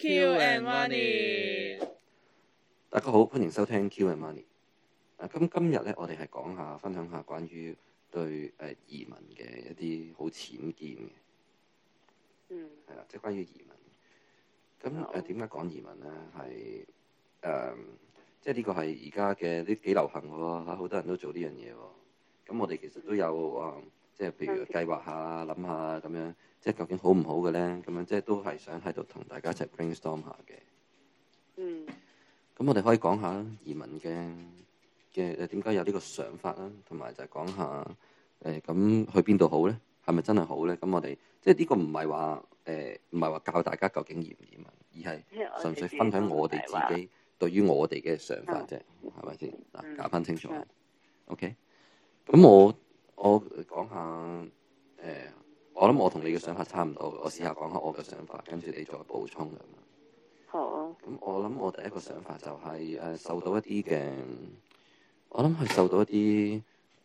Q and Money，大家好，歡迎收聽 Q and Money。啊，今今日咧，我哋係講下，分享下關於對誒、呃、移民嘅一啲好淺見嘅，嗯，係啦，即係關於移民。咁誒，點解講移民咧？係誒，即係呢個係而家嘅啲幾流行㗎吓，好多人都做呢樣嘢。咁我哋其實都有啊，即係、譬如計劃下、諗下、嗯、咁樣。即係究竟好唔好嘅咧？咁樣即係都係想喺度同大家一齊 brainstorm 下嘅。嗯。咁我哋可以講下移民嘅嘅點解有呢個想法啦，同埋就係講下誒咁、欸、去邊度好咧？係咪真係好咧？咁我哋即係呢個唔係話誒唔係話教大家究竟移唔移民，而係純粹分享我哋自己對於我哋嘅想法啫，係咪先？嗱吧，搞翻、嗯嗯、清楚。嗯嗯嗯、OK。咁我我講下誒。欸我諗我同你嘅想法差唔多，我試下講下我嘅想法，跟住你再補充咁。好、啊。咁我諗我第一個想法就係、是、誒、呃、受到一啲嘅，我諗係受到一啲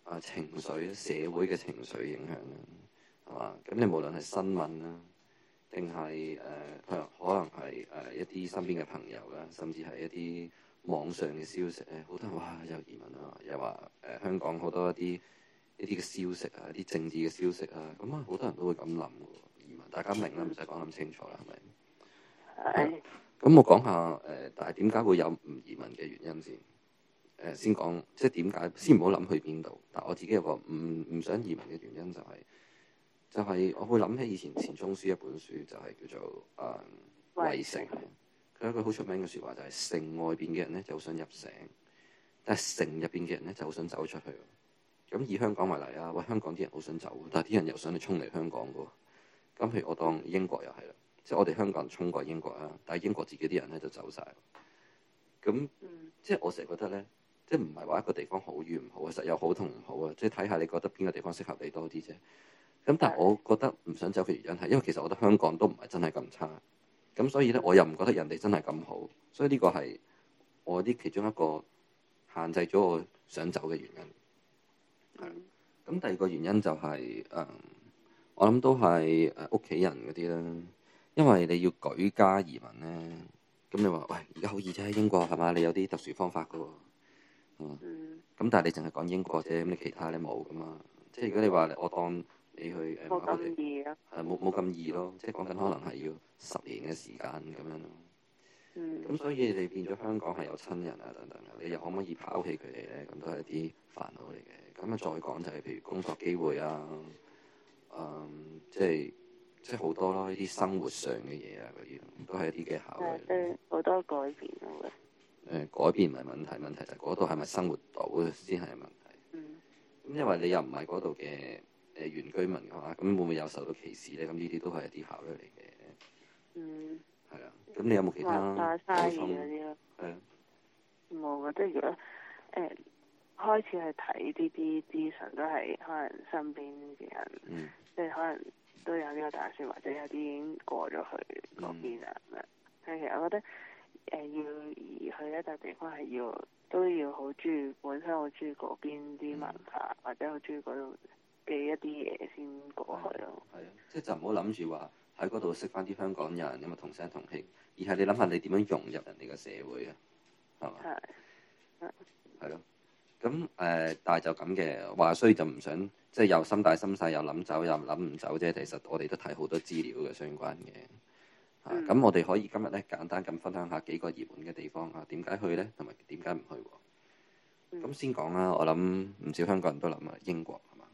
啊、呃、情緒、社會嘅情緒影響啦，係嘛？咁你無論係新聞啦，定係誒可能係誒、呃、一啲身邊嘅朋友啦，甚至係一啲網上嘅消息，好多話有移民啊，又話誒香港好多一啲。呢啲嘅消息啊，啲政治嘅消息啊，咁啊好多人都會咁諗，移民大家明啦，唔使講咁清楚啦，係咪？咁、嗯、我講下，誒、呃，但係點解會有唔移民嘅原因先？誒、呃，先講即係點解，先唔好諗去邊度。但係我自己有個唔唔想移民嘅原因就係、是，就係、是、我會諗起以前錢鍾書一本書就係、是、叫做誒《圍、啊、城》，佢有一句好出名嘅說話就係、是、城外邊嘅人咧就好想入城，但係城入邊嘅人咧就好想走出去。咁以香港為例啊，喂，香港啲人好想走，但係啲人又想你衝嚟香港嘅。咁譬如我當英國又係啦，即係我哋香港人衝過英國啊，但係英國自己啲人咧就走晒。咁即係我成日覺得咧，即係唔係話一個地方好與唔好啊，實有好同唔好啊，即係睇下你覺得邊個地方適合你多啲啫。咁但係我覺得唔想走嘅原因係因為其實我覺得香港都唔係真係咁差。咁所以咧，我又唔覺得人哋真係咁好，所以呢個係我啲其中一個限制咗我想走嘅原因。咁第二個原因就係、是、誒、嗯，我諗都係誒屋企人嗰啲啦，因為你要舉家移民咧，咁你話喂而家好易啫，喺英國係嘛，你有啲特殊方法噶，係咁、嗯、但係你淨係講英國啫，咁你其他你冇噶嘛，即係如果你話我當你去誒，冇咁易咯、啊，冇咁易咯，即係講緊可能係要十年嘅時間咁樣咯，咁、嗯、所以你變咗香港係有親人啊等等，你又可唔可以拋棄佢哋咧？咁都係一啲煩惱嚟嘅。咁樣再講就係譬如工作機會啊，嗯，即係即係好多咯，呢啲生活上嘅嘢啊嗰啲，都係一啲嘅考慮。係好多改變啊、嗯！改變唔係問題，問題就嗰度係咪生活到先係問題。嗯。咁因為你又唔係嗰度嘅誒原居民嘅話，咁會唔會有受到歧視咧？咁呢啲都係一啲考慮嚟嘅。嗯。係啊，咁你有冇其他？誒，冇啊！即係如果誒，呃呃開始去睇啲啲資訊，都係可能身邊嘅人，即係、嗯、可能都有呢個打算，或者有啲已經過咗去嗰邊啦。嗯、其實我覺得誒、呃、要去一笪地方係要都要好中意本身好中意嗰邊啲文化，嗯、或者好中意嗰度嘅一啲嘢先過去咯。係啊，即係就唔好諗住話喺嗰度識翻啲香港人咁啊，同聲同氣。而係你諗下，你點樣融入人哋嘅社會啊？係嘛？係係咯。咁誒，但係就咁嘅話所以就唔想，即係又心大心細，又諗走又諗唔走啫。其實我哋都睇好多資料嘅相關嘅。咁、嗯啊、我哋可以今日咧簡單咁分享下幾個熱門嘅地方啊，點解去咧，同埋點解唔去？咁、嗯、先講啦，我諗唔少香港人都諗啊，英國係嘛？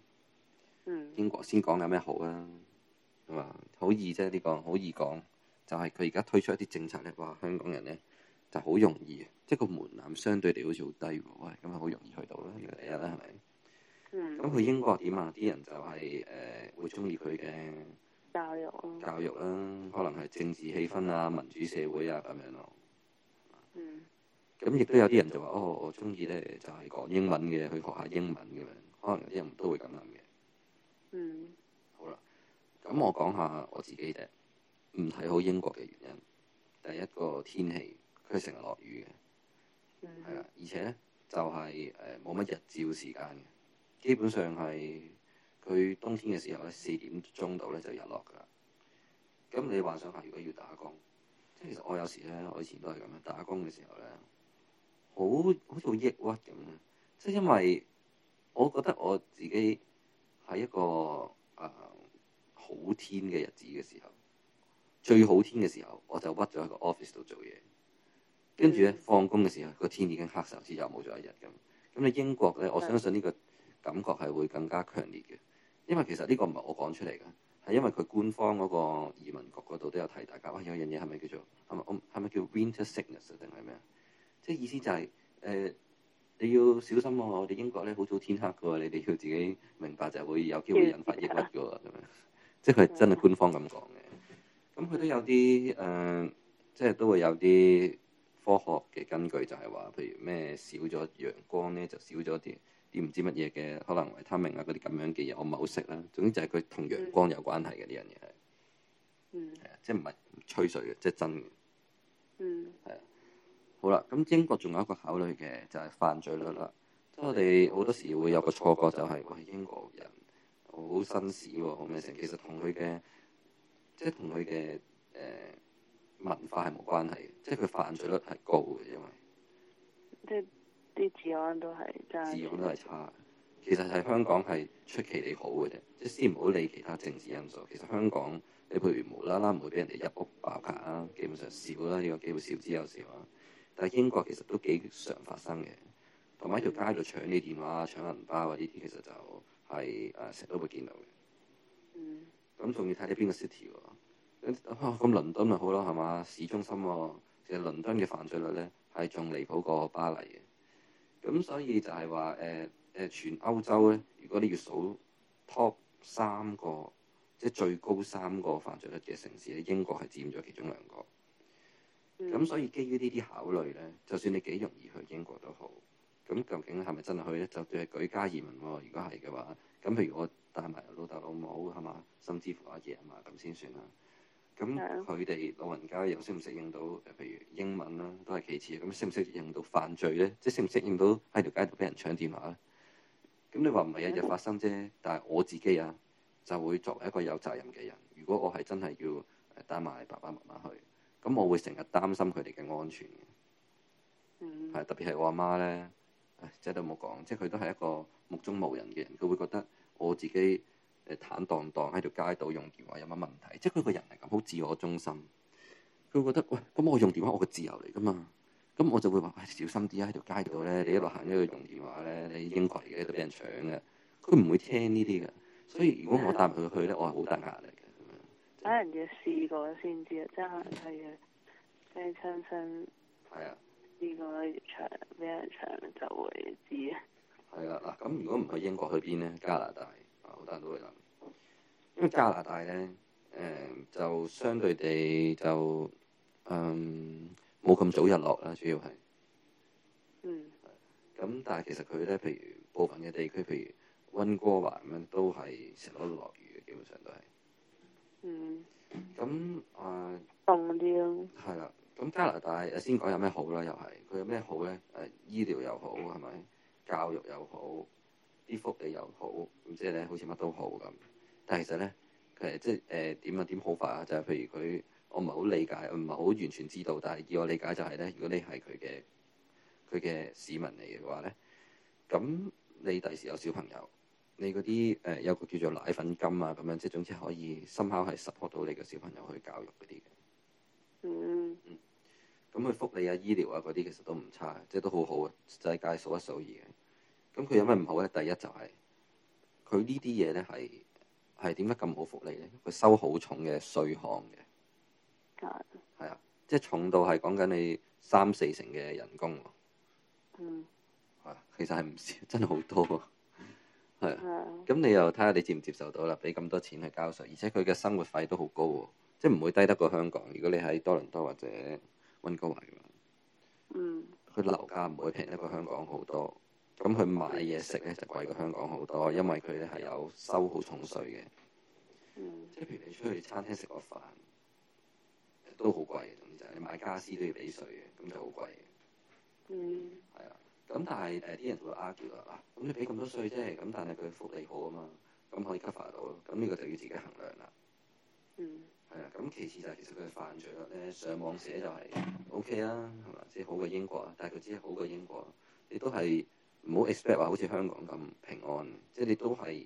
嗯、英國先講有咩好啊？係嘛？好易啫，呢、呢個好易講，就係佢而家推出一啲政策咧，哇！香港人咧～就好容易，即係個門檻相對嚟好似好低喎。喂，咁咪好容易去到咧？原嚟呢，係咪？咁去、嗯、英國點啊？啲人就係、是、誒、呃、會中意佢嘅教育咯，教育啦，可能係政治氣氛啊、民主社會啊咁樣咯。嗯。咁亦都有啲人就話：嗯、哦，我中意咧，就係講英文嘅，去學下英文嘅，可能有啲人都會咁諗嘅。嗯。好啦，咁我講下我自己嘅，唔係好英國嘅原因，第一個天氣。佢成日落雨嘅，係啊、嗯，而且咧就係誒冇乜日照時間嘅。基本上係佢冬天嘅時候咧，四點鐘度咧就日落噶啦。咁你幻想下，如果要打工，即係其實我有時咧，我以前都係咁樣打工嘅時候咧，好好似好抑鬱咁。即係因為我覺得我自己喺一個誒、呃、好天嘅日子嘅時候，最好天嘅時候，我就屈咗喺個 office 度做嘢。跟住咧，放工嘅時候個天已經黑，甚至又冇咗一日咁。咁你英國咧，我相信呢個感覺係會更加強烈嘅，因為其實呢個唔係我講出嚟嘅，係因為佢官方嗰個移民局嗰度都有提大家話：有樣嘢係咪叫做係咪係咪叫 winter sickness 定係咩？即係意思就係、是、誒、呃、你要小心喎、喔。我哋英國咧好早天黑嘅喎，你哋要自己明白就係會有機會引發抑鬱咗啊。咁樣即係佢係真係官方咁講嘅。咁佢都有啲誒、呃，即係都會有啲。科學嘅根據就係話，譬如咩少咗陽光咧，就少咗啲啲唔知乜嘢嘅，可能維他命啊嗰啲咁樣嘅嘢，我唔係好識啦。總之就係佢同陽光有關係嘅呢樣嘢係，係即係唔係吹水嘅，即係真嘅。嗯，係啊。好啦，咁英國仲有一個考慮嘅，就係、是、犯罪率啦。即係我哋好多時會有個錯覺、就是，就係喂英國人好紳士喎，好咩成，其實同佢嘅，即係同佢嘅誒。呃文化係冇關係，即係佢犯罪率係高嘅，因為即係啲治安都係治安都係差。其實係香港係出奇地好嘅啫，即係先唔好理其他政治因素。其實香港你譬如無啦啦唔會俾人哋入屋爆格啊，基本上少啦，呢個機會少之又少啊。但係英國其實都幾常發生嘅，同埋喺條街度搶你電話、嗯、搶銀包嗰啲，其實就係誒成日都會見到嘅。嗯，咁仲要睇你邊個 city 咁、啊、倫敦咪好咯，係嘛？市中心喎、啊，其實倫敦嘅犯罪率咧係仲離譜過巴黎嘅。咁所以就係話誒誒，全歐洲咧，如果你要數 top 三個，即係最高三個犯罪率嘅城市咧，英國係佔咗其中兩個。咁、嗯、所以基於呢啲考慮咧，就算你幾容易去英國都好，咁究竟係咪真係去咧？就對係舉家移民喎、啊。如果係嘅話，咁譬如我帶埋老豆老母，係嘛，甚至乎阿爺啊嘛，咁先算啦。咁佢哋老人家又適唔適應到？譬如英文啦、啊，都係其次。咁適唔適應到犯罪咧？即係適唔適應到喺條街度俾人搶電話咧？咁你話唔係日日發生啫。但係我自己啊，就會作為一個有責任嘅人，如果我係真係要帶埋爸爸媽媽去，咁我會成日擔心佢哋嘅安全嘅。嗯、特別係我阿媽咧，即都冇講，即係佢都係一個目中無人嘅人，佢會覺得我自己。坦蕩蕩喺條街道用電話有乜問題？即係佢個人係咁好自我中心，佢覺得喂，咁我用電話我嘅自由嚟噶嘛？咁我就會話、哎、小心啲啊！喺條街道咧，你一路行一路用電話咧，你英國嚟嘅都俾人搶嘅。佢唔會聽呢啲嘅，所以如果我帶佢去咧，我係好大壓力嘅。可能要試過先知啊，即係可能即係親身。係啊，呢個越長俾人搶就會知啊。係啊，嗱咁，如果唔去英國，去邊咧？加拿大。好多人都會諗，因為加拿大咧，誒、嗯、就相對地就，嗯，冇咁早日落啦，主要係，嗯，咁但係其實佢咧，譬如部分嘅地區，譬如溫哥華咁樣，都係成日都落雨嘅，基本上都係、嗯嗯，嗯，咁誒凍啲咯，係啦、嗯，咁、嗯、加拿大誒先講有咩好啦、啊，又係佢有咩好咧？誒、啊，醫療又好係咪？教育又好。啲福利又好，咁即係咧，好似乜都好咁。但係其實咧，誒、就是，即係誒，點啊點好法啊？就係、是、譬如佢，我唔係好理解，我唔係好完全知道。但係以我理解就係咧，如果你係佢嘅，佢嘅市民嚟嘅話咧，咁你第時有小朋友，你嗰啲誒，有個叫做奶粉金啊，咁樣即係總之可以，深刻係 support 到你嘅小朋友去教育嗰啲嘅。嗯。嗯。咁佢福利啊、醫療啊嗰啲，其實都唔差，即係都好好，世界數一數二嘅。咁佢有咩唔好咧？第一就係佢呢啲嘢咧，係係點解咁好福利咧？佢收好重嘅稅項嘅，係啊，即係重到係講緊你三四成嘅人工喎，係、嗯、其實係唔少，真係好多喎，係 咁的、嗯、你又睇下你接唔接受到啦？畀咁多錢去交稅，而且佢嘅生活費都好高喎，即係唔會低得過香港。如果你喺多倫多或者溫哥華咁樣，嗯，佢樓價唔會平得過香港好多。咁佢買嘢食咧就貴過香港好多，因為佢咧係有收好重稅嘅。嗯。即係譬如你出去餐廳食個飯，都好貴嘅，就係你買家私都要俾稅嘅，咁就好貴。嗯。係啦，咁但係誒啲人同佢 argue 啦、啊，咁你俾咁多稅啫，咁但係佢福利好啊嘛，咁可以 cover 到，咁呢個就要自己衡量啦。嗯。係啊，咁其次就係、是、其實佢嘅犯罪咧，上網寫就係 O K 啦，係嘛，即係好過英國，但係佢只係好過英國，亦都係。唔好 expect 話好似香港咁平安，即係你都係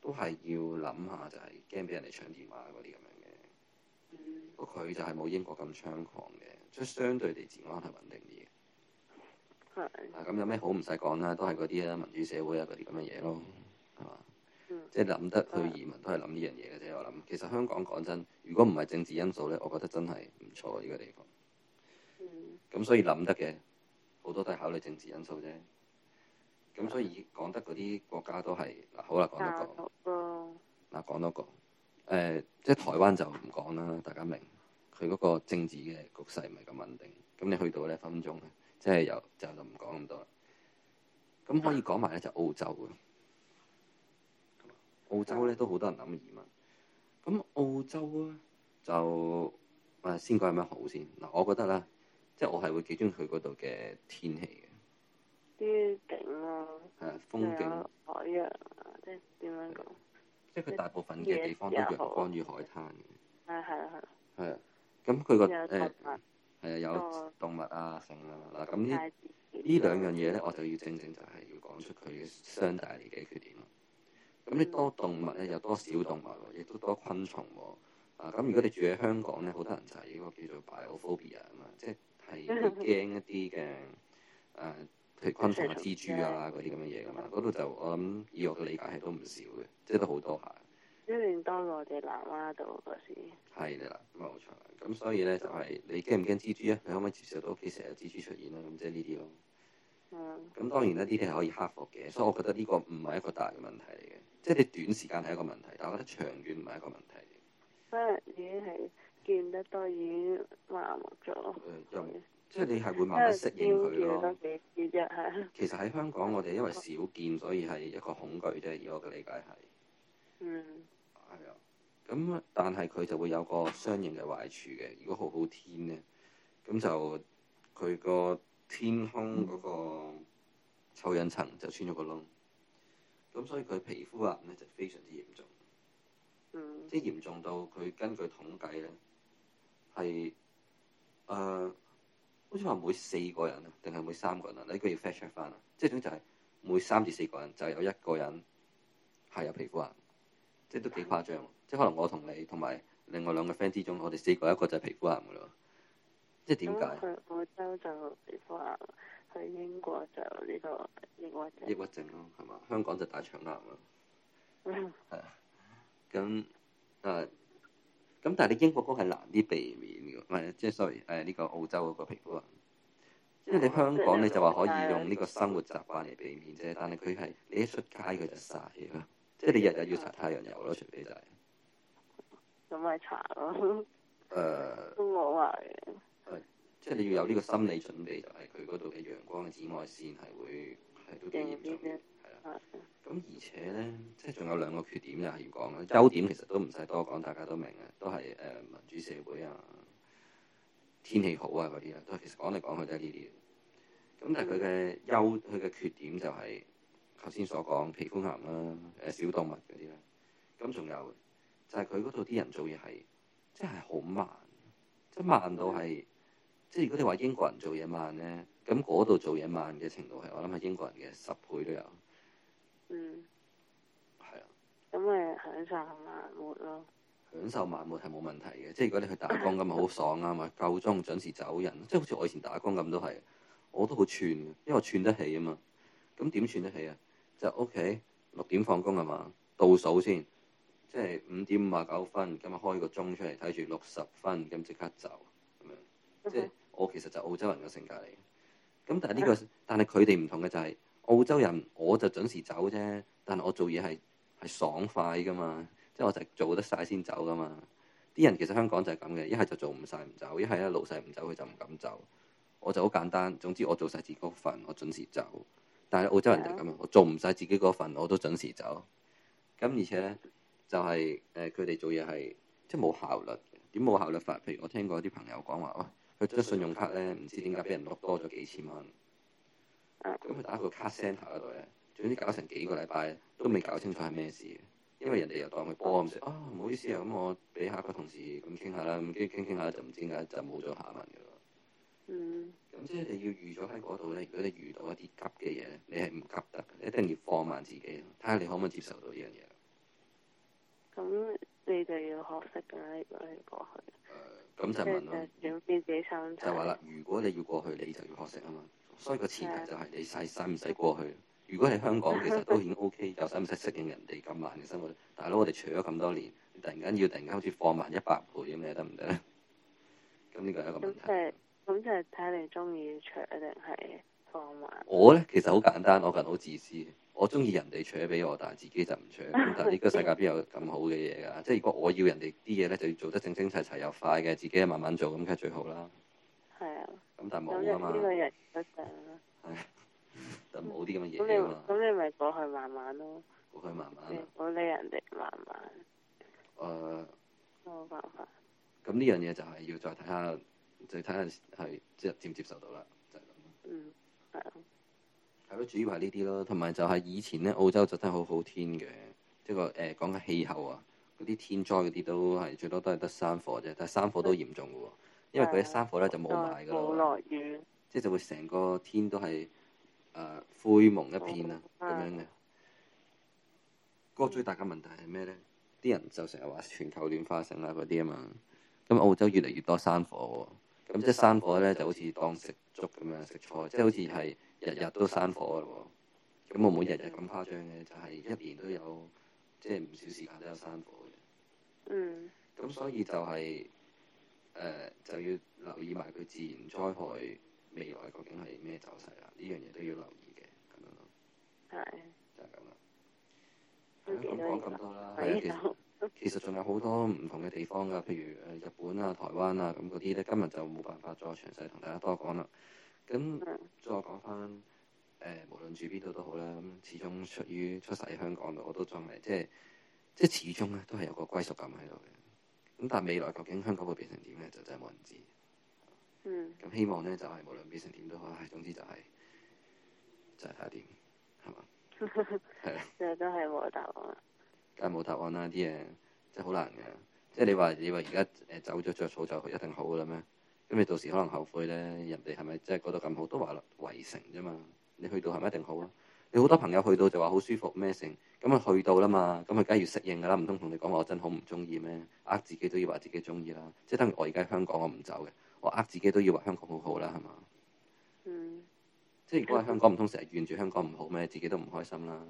都係要諗下，就係驚俾人哋搶電話嗰啲咁樣嘅。佢、嗯、就係冇英國咁猖狂嘅，即係相對地治安係穩定啲嘅。係啊，咁有咩好唔使講啦，都係嗰啲啦，民主社會啊，嗰啲咁嘅嘢咯，係嘛？即係諗得去移民都係諗呢樣嘢嘅啫。我諗其實香港講真，如果唔係政治因素咧，我覺得真係唔錯呢、呢個地方。嗯。咁所以諗得嘅好多都係考慮政治因素啫。咁所以講得嗰啲國家都係嗱，好啦，講多個嗱、啊、講多個誒、呃，即係台灣就唔講啦，大家明佢嗰個政治嘅局勢唔係咁穩定，咁你去到咧分分鐘咧即係由之就唔講咁多啦。咁可以講埋咧就是、澳洲咯，澳洲咧都好多人諗移民。咁澳洲咧就誒先講有咩好先嗱，我覺得啦，即係我係會幾中意佢嗰度嘅天氣。啲景咯，係啊，風景、海洋啊，即係點樣講？即係佢大部分嘅地方都陽光與海灘嘅。係啊是，係啊，係啊、那個。係啊，咁佢個誒係啊，有動物啊，性啊嗱，咁呢呢兩樣嘢咧，我就要正正就係要講出佢嘅相大嚟嘅缺點。咁你多動物咧，有多小動物，亦都多昆蟲喎、啊。啊，咁、啊啊、如果你住喺香港咧，好多人就係一個叫做 biophobia 啊嘛，即係係驚一啲嘅誒。 嗯譬如昆蟲啊、蜘蛛啊嗰啲咁嘅嘢咁啊，嗰度、嗯、就我諗以我嘅理解係都唔少嘅，即係都好多下。一年多我哋南丫島嗰時。係啦，咁啊冇錯啦。咁所以咧就係、是、你驚唔驚蜘蛛啊？你可唔可以接受到屋企成日蜘蛛出現咧？咁即係呢啲咯。係咁、嗯、當然呢啲嘢係可以克服嘅，所以我覺得呢個唔係一個大嘅問題嚟嘅，即、就、係、是、你短時間係一個問題，但我覺得長遠唔係一個問題。已經係見得多已經麻木咗。誒， 嗯即係你係會慢慢適應佢咯。其實喺香港，我哋因為少見，所以係一個恐懼啫。以我嘅理解係，嗯、哎，係啊。咁但係佢就會有個相應嘅壞處嘅。如果好好天咧，咁就佢個天空嗰個臭氧層就穿咗個窿，咁所以佢皮膚癌咧就非常之嚴重。嗯、即係嚴重到佢根據統計咧係誒。好似話每四個人啊，定係每三個人啊？呢個要 fact check 返啊！即係總之就係每三至四個人就有一個人係有皮膚癌，即係都幾誇張。即係可能我同你同埋另外兩個 friend 之中，我哋四個一個就係皮膚癌噶咯。即係點解？去澳洲就皮膚癌，去英國就呢個抑鬱症。抑鬱症咯，係嘛？香港就大腸癌咯。係 啊，咁誒。啊咁、嗯、但係你英國嗰個係難啲避免嘅，唔係即係 sorry，誒呢個澳洲嗰個皮膚啊，即係你香港、嗯、你就話可以用呢個生活習慣嚟避免啫，但係佢係你一出街佢就曬咯，即、就、係、是、你日日要搽太陽油咯，除非、嗯、就係咁咪搽咯。誒都冇話嘅。誒、 嗯，嗯、即係你要有呢個心理準備，就係佢嗰度嘅陽光嘅紫外線係會係都咁而且咧，即係仲有兩個缺點要講啦。優點其實都唔使多講，大家都明嘅，都係誒、呃、民主社會啊、天氣好啊嗰啲啊，都係其實講嚟講去都係呢啲。咁但係佢嘅優，佢嘅缺點就係頭先所講皮膚癌啦、誒、啊、小動物嗰啲啦。咁仲有就係佢嗰度啲人做嘢係、即係即係，即係好慢，即係慢到係，即係如果你話英國人做嘢慢咧，咁嗰度做嘢慢嘅程度係我諗係英國人嘅十倍都有。嗯，係啊的，咁咪享受下慢活咯。享受慢活係冇問題嘅，即係如果你去打工咁啊，好爽啊嘛，夠 鐘準時走人，即係好似我以前打工咁都係，我都好串因為我串得起啊嘛。咁點串得起啊？就 OK，六點放工啊嘛，倒數先，即係五點五十九分，今日開個鐘出嚟睇住六十分，咁即刻走，咁樣。Okay. 即係我其實就澳洲人嘅性格嚟，咁但係、這、呢個， 但係佢哋唔同嘅就係、是。澳洲人我就準時走啫，但係我做嘢係係爽快噶嘛，即係我就係做得晒先走噶嘛。啲人其實香港就係咁嘅，一係就做唔晒唔走，一係咧，老細唔走佢就唔敢走。我就好簡單，總之我做晒自己嗰份，我準時走。但係澳洲人就係咁啊，Yeah. 我做唔晒自己嗰份我都準時走。咁而且呢就係誒佢哋做嘢係即係冇效率，點冇效率法？譬如我聽過啲朋友講話，哇，佢張信用卡咧唔知點解俾人攞多咗幾千蚊。咁佢，嗯、打個卡聲頭喺度嘅，總之搞成幾個禮拜都未搞清楚係咩事，因為人哋又當佢波咁食。哦，唔好意思啊，咁我俾下個同事咁傾下啦，咁跟住傾傾下就唔知點解就冇咗下文嘅咯。嗯。咁即係你要預咗喺嗰度咧，如果你遇到一啲急嘅嘢，你係唔急得嘅，你一定要放慢自己，睇下你可唔可以接受到呢樣嘢。咁你就要學識噶啦，如果你過去。咁，呃、就問咯。少啲自己心急就話啦，如果你要過去，你就要學識啊嘛。所以個前提就係你使使唔使過去？如果喺香港，其實都已經 OK， 又使唔使適應人哋咁慢嘅生活？大佬，我哋駛咗咁多年，突然間要突然間好似放慢一百倍咁，你得唔得咧？咁 呢個係一個問題。咁就係，咁即係睇你中意駛一定係放慢。我咧其實好簡單，我個人好自私，我中意人哋駛俾我，但係自己就唔駛。 但係呢個世界邊有咁好嘅嘢㗎？即係如果我要人哋啲嘢咧，就要做得整整齊齊又快嘅，自己慢慢做咁梗係最好啦。係啊，咁但係冇㗎嘛。呢兩日得上啦。係，都冇啲咁嘅嘢㗎嘛。咁、嗯、你咪過去慢慢咯。過去慢慢啊。我理人哋慢慢。誒、呃。冇辦法。咁呢、嗯、樣嘢就係要再睇下，再睇下係即係接唔接受到啦。就係咁、嗯，係啊。係咯，主要係呢啲咯，同埋就係以前咧澳洲就真係好好天嘅，即係個誒講緊氣候啊，嗰啲天災嗰啲都係最多都係得山火啫，但係山火都嚴重㗎喎。因為佢啲山火咧就冇埋噶，冇落雨即係就會成個天都係誒、呃、灰蒙一片啦，咁、嗯、樣嘅。個最大嘅問題係咩咧？啲人就成日話全球暖化成啦嗰啲啊嘛。咁澳洲越嚟越多山火，啊，咁即係山火咧、嗯、就好似當食粥咁樣食菜，即係、嗯、好似係日日都山火咯，啊。咁我每日日咁誇張嘅，就係一年都有，即係唔少時間都有山火嘅。嗯。咁所以就係、是。誒、呃、就要留意埋佢自然災害未來究竟係咩走勢啦、啊，呢樣嘢都要留意嘅咁樣咯。係對就係咁啦。唔講咁多啦、啊，其實其實仲有好多唔同嘅地方噶、啊，譬如誒日本啊、台灣啊咁嗰啲咧，今日就冇辦法再詳細同大家多講啦。咁再講翻誒，無論住邊度都好啦，咁始終出於出世喺香港度，我都仲係即係即係始終咧都係有個歸屬感喺度嘅。咁但係未來究竟香港會變成點咧，就真係冇人知。嗯。咁希望咧就係、是、無論變成點都好，唉、哎，總之就係就係睇下點，係嘛？係。就都係冇答案。梗係冇答案啦！啲嘢真係好難嘅。即係你話，你話而家誒走咗着草就去一定好噶啦咩？咁你到時可能後悔咧，人哋係咪真係過到咁好都話啦，圍城啫嘛。你去到係咪一定好啊？ 你好多朋友去到就話好舒服咩成，咁啊去到啦嘛，咁啊梗係要適應噶啦，唔通同你講話我真好唔中意咩？呃自己都要話自己中意啦，即係等於我而家香港我唔走嘅，我呃自己都要話香港好好啦係嘛？嗯，即係如果喺香港唔通成日怨住香港唔好咩？自己都唔開心啦。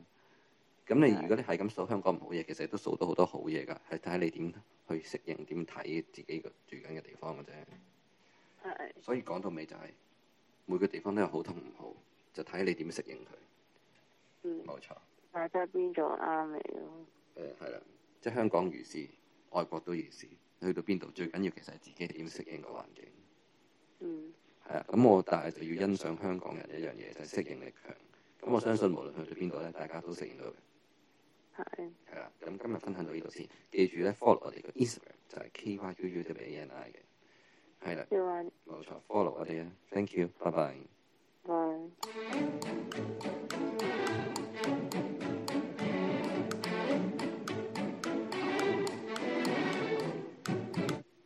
咁你如果你係咁數香港唔好嘢，其實都數到好多好嘢噶，係睇你點去適應，點睇自己個住緊嘅地方嘅啫。嗯嗯，所以講到尾就係，是，每個地方都有好同唔好，就睇你點適應佢。冇錯，睇下邊種啱你咯。誒係啦，即係香港如是，外國都如是。去到邊度最緊要其實係自己點適應個環境。嗯，係啊，咁我但係就要欣賞香港人一樣嘢，就係適應力強。咁我相信無論去到邊度咧，大家都適應到嘅。係。係啦。咁今日分享到呢度先。記住咧，follow 我哋個 Instagram 就係 kyuu 特別 ani 嘅。係啦。冇錯，follow 我哋啊！Thank you，拜拜。bye。